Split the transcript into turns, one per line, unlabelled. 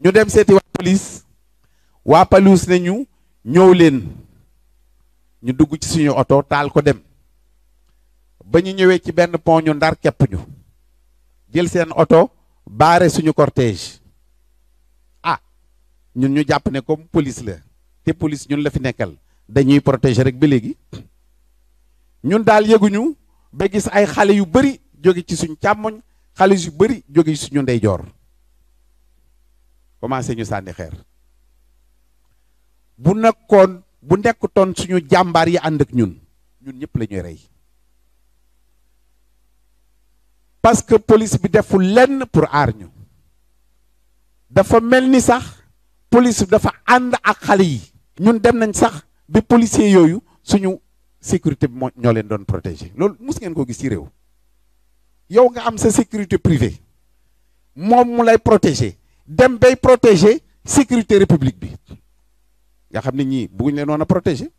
ñu dem seeti waa police waa paluus ne ñëw leen ñu dugg ci suñu oto taal ko dem ba ñu ñëwee ci benn pont ñu ndar kepp ñu jël seen oto baare suñu cortége ah ñun ñu jàpp ne comme police la te police ñun la fi nekkal dañuy protéger rek ba léegi ñun daal yëguñu ba gis ay xale yu bari jóge ci suñu càmmoñ xalis yu bari jóge ci suñu ndeyjoor commencé ñu sànni xeer bu nekkoon bu nekkutoon suñu jàmbaar yi ànd ak ñun ñun ñëpp la ñuy rey parce que police bi deful lenn pour aar ñu dafa mel ni sax police dafa ànd ak xale yi ñun dem nañ sax bi policier yooyu suñu sécurité bi moo ñoo leen doon protéger loolu mus ngeen ko gis ci réew yow nga am sa sécurité privée moom mu lay protéger dem bay protéger sécurité république bi nga xam ne ñii bëgguñ leen woon a protéger